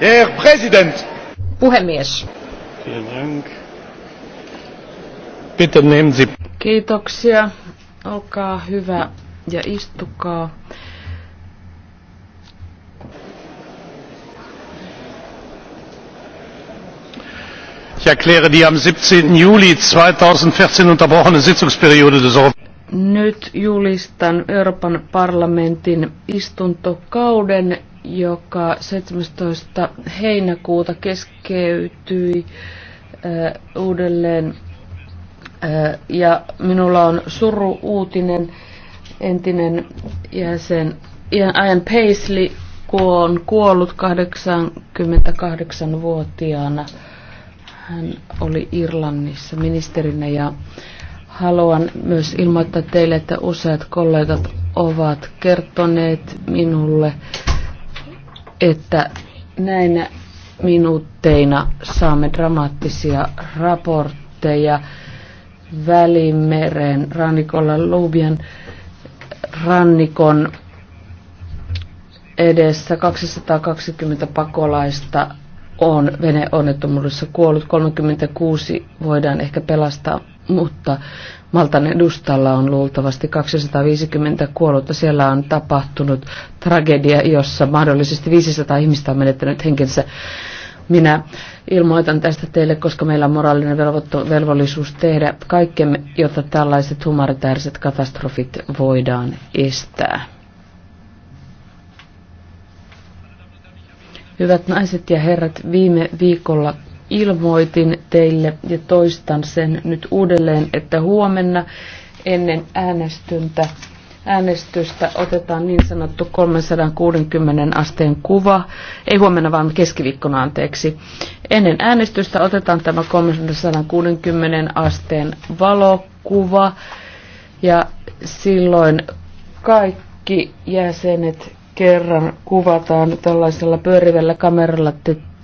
Herr Präsident! Puhemies. Kiitoksia. Olkaa hyvä ja istukaa. erkläre die am. 17. Juli 2014 unterbrochene Sitzungsperiode des Nyt julistan Euroopan parlamentin istuntokauden, joka 17. heinäkuuta keskeytyi äh, uudelleen. Äh, ja minulla on suru uutinen entinen jäsen Ian Paisley, kun on kuollut 88-vuotiaana. Hän oli Irlannissa ministerinä ja haluan myös ilmoittaa teille, että useat kollegat ovat kertoneet minulle, että näinä minuutteina saamme dramaattisia raportteja Välimeren rannikolla Lubian rannikon edessä 220 pakolaista on veneonnettomuudessa kuollut. 36 voidaan ehkä pelastaa, mutta Maltan edustalla on luultavasti 250 kuollutta. Siellä on tapahtunut tragedia, jossa mahdollisesti 500 ihmistä on menettänyt henkensä. Minä ilmoitan tästä teille, koska meillä on moraalinen velvollisuus tehdä kaikkemme, jotta tällaiset humanitaariset katastrofit voidaan estää. Hyvät naiset ja herrat, viime viikolla ilmoitin teille ja toistan sen nyt uudelleen, että huomenna ennen äänestyntä, äänestystä otetaan niin sanottu 360 asteen kuva, ei huomenna vaan keskiviikkona anteeksi. Ennen äänestystä otetaan tämä 360 asteen valokuva ja silloin kaikki jäsenet kerran kuvataan tällaisella pyörivällä kameralla